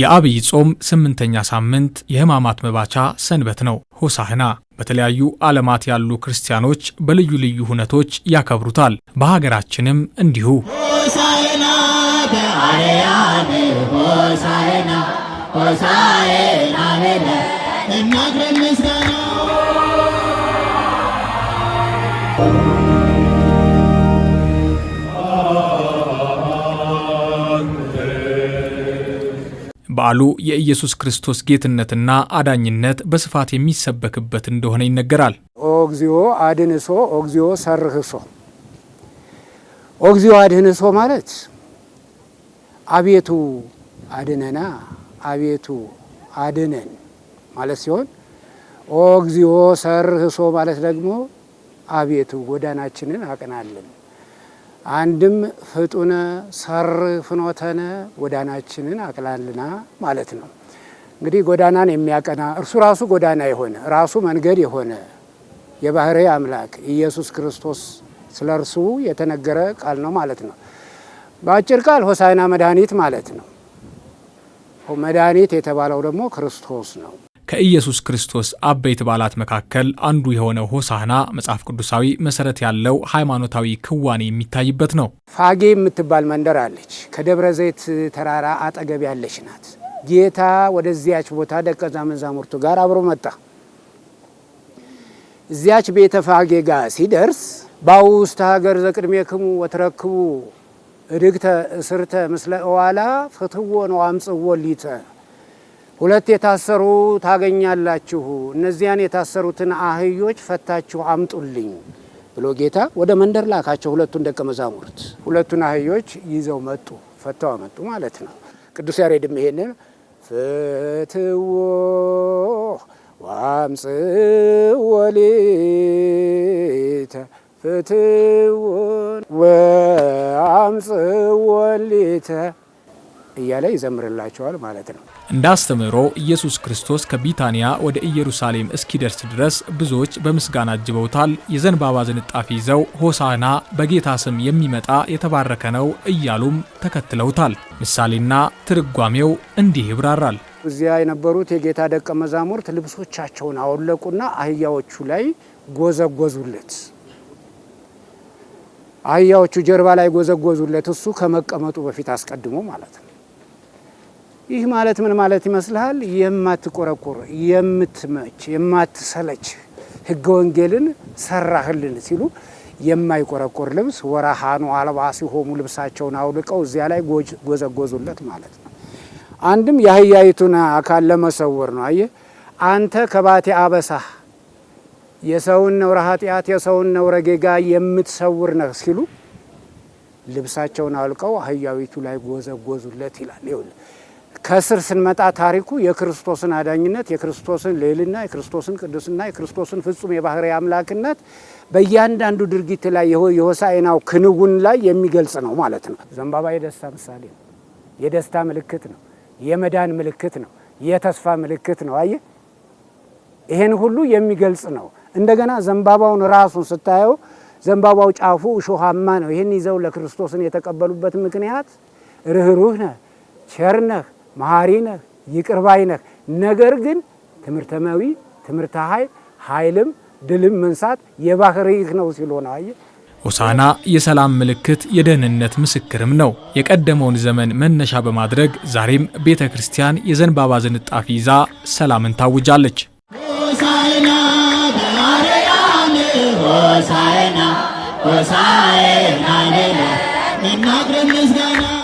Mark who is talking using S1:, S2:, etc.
S1: የአብይ ጾም ስምንተኛ ሳምንት የሕማማት መባቻ ሰንበት ነው ሆሳህና። በተለያዩ ዓለማት ያሉ ክርስቲያኖች በልዩ ልዩ ሁነቶች ያከብሩታል። በሀገራችንም እንዲሁ ሆሳዕና በዓሉ የኢየሱስ ክርስቶስ ጌትነትና አዳኝነት በስፋት የሚሰበክበት እንደሆነ ይነገራል።
S2: ኦግዚዮ አድንሶ ኦግዚዮ ሰርህሶ ኦግዚዮ አድንሶ ማለት አቤቱ አድነና አቤቱ አድነን ማለት ሲሆን ኦግዚዮ ሰርህሶ ማለት ደግሞ አቤቱ ጎዳናችንን አቅናልን አንድም ፍጡነ ሰር ፍኖተነ ጎዳናችንን አቅላልና ማለት ነው። እንግዲህ ጎዳናን የሚያቀና እርሱ ራሱ ጎዳና የሆነ ራሱ መንገድ የሆነ የባህሬ አምላክ ኢየሱስ ክርስቶስ ስለ እርሱ የተነገረ ቃል ነው ማለት ነው። በአጭር ቃል ሆሳይና መድኃኒት ማለት ነው። መድኃኒት የተባለው ደግሞ ክርስቶስ ነው።
S1: ከኢየሱስ ክርስቶስ አበይት በዓላት መካከል አንዱ የሆነው ሆሳህና መጽሐፍ ቅዱሳዊ መሰረት ያለው ሃይማኖታዊ ክዋኔ የሚታይበት ነው።
S2: ፋጌ የምትባል መንደር አለች። ከደብረ ዘይት ተራራ አጠገብ ያለች ናት። ጌታ ወደዚያች ቦታ ደቀ መዛሙርቱ ጋር አብሮ መጣ። እዚያች ቤተ ፋጌ ጋር ሲደርስ በውስተ ሀገር ዘቅድሜክሙ ወትረክቡ እድግተ እስርተ ምስለ እዋላ ፍትዎ ነው አምጽዎ ሊተ ሁለት የታሰሩ ታገኛላችሁ፣ እነዚያን የታሰሩትን አህዮች ፈታችሁ አምጡልኝ ብሎ ጌታ ወደ መንደር ላካቸው። ሁለቱን ደቀ መዛሙርት ሁለቱን አህዮች ይዘው መጡ፣ ፈተው አመጡ ማለት ነው። ቅዱስ ያሬድም ይሄንን ፍትዎ ዋምፅ ወሊተ ፍትዎ ወአምጽእ ወሊተ እያለ ይዘምርላቸዋል ማለት ነው።
S1: እንደ አስተምህሮ ኢየሱስ ክርስቶስ ከቢታንያ ወደ ኢየሩሳሌም እስኪደርስ ድረስ ብዙዎች በምስጋና አጅበውታል። የዘንባባ ዝንጣፊ ይዘው ሆሳና በጌታ ስም የሚመጣ የተባረከ ነው እያሉም ተከትለውታል። ምሳሌና ትርጓሜው እንዲህ ይብራራል።
S2: እዚያ የነበሩት የጌታ ደቀ መዛሙርት ልብሶቻቸውን አወለቁና አህያዎቹ ላይ ጎዘጎዙለት። አህያዎቹ ጀርባ ላይ ጎዘጎዙለት፣ እሱ ከመቀመጡ በፊት አስቀድሞ ማለት ነው። ይህ ማለት ምን ማለት ይመስልሃል? የማትቆረቁር የምትመች፣ የማትሰለች ህገ ወንጌልን ሰራህልን ሲሉ የማይቆረቁር ልብስ ወረሃኑ አልባ ሲሆሙ ልብሳቸውን አውልቀው እዚያ ላይ ጎዘጎዙለት ማለት ነው። አንድም የአህያይቱን አካል ለመሰወር ነው። አየ አንተ ከባቴ አበሳህ የሰውን ነውረ ኃጢአት የሰውን ነውረ ጌጋ የምትሰውር ነህ ሲሉ ልብሳቸውን አውልቀው አህያዊቱ ላይ ጎዘጎዙለት ይላል። ከስር ስንመጣ ታሪኩ የክርስቶስን አዳኝነት፣ የክርስቶስን ልዕልና፣ የክርስቶስን ቅዱስና፣ የክርስቶስን ፍጹም የባህሪ አምላክነት በእያንዳንዱ ድርጊት ላይ የሆሳዕናው ክንውን ላይ የሚገልጽ ነው ማለት ነው። ዘንባባ የደስታ ምሳሌ ነው። የደስታ ምልክት ነው። የመዳን ምልክት ነው። የተስፋ ምልክት ነው። አየ ይሄን ሁሉ የሚገልጽ ነው። እንደገና ዘንባባውን ራሱን ስታየው ዘንባባው ጫፉ እሾሃማ ነው። ይህን ይዘው ለክርስቶስን የተቀበሉበት ምክንያት ርኅሩህ ነህ፣ ቸር ነህ መሐሪ ነህ፣ ይቅርባይ ነህ። ነገር ግን ትምህርተ መዊ ትምህርተ ኃይል ኃይልም ድልም መንሳት የባህርይህ ነው ሲሉ ነው። አየህ
S1: ሆሳዕና የሰላም ምልክት የደህንነት ምስክርም ነው። የቀደመውን ዘመን መነሻ በማድረግ ዛሬም ቤተ ክርስቲያን የዘንባባ ዝንጣፊ ይዛ ሰላምን ታውጃለች። ሆሳዕና ሆሳዕና ሆሳዕና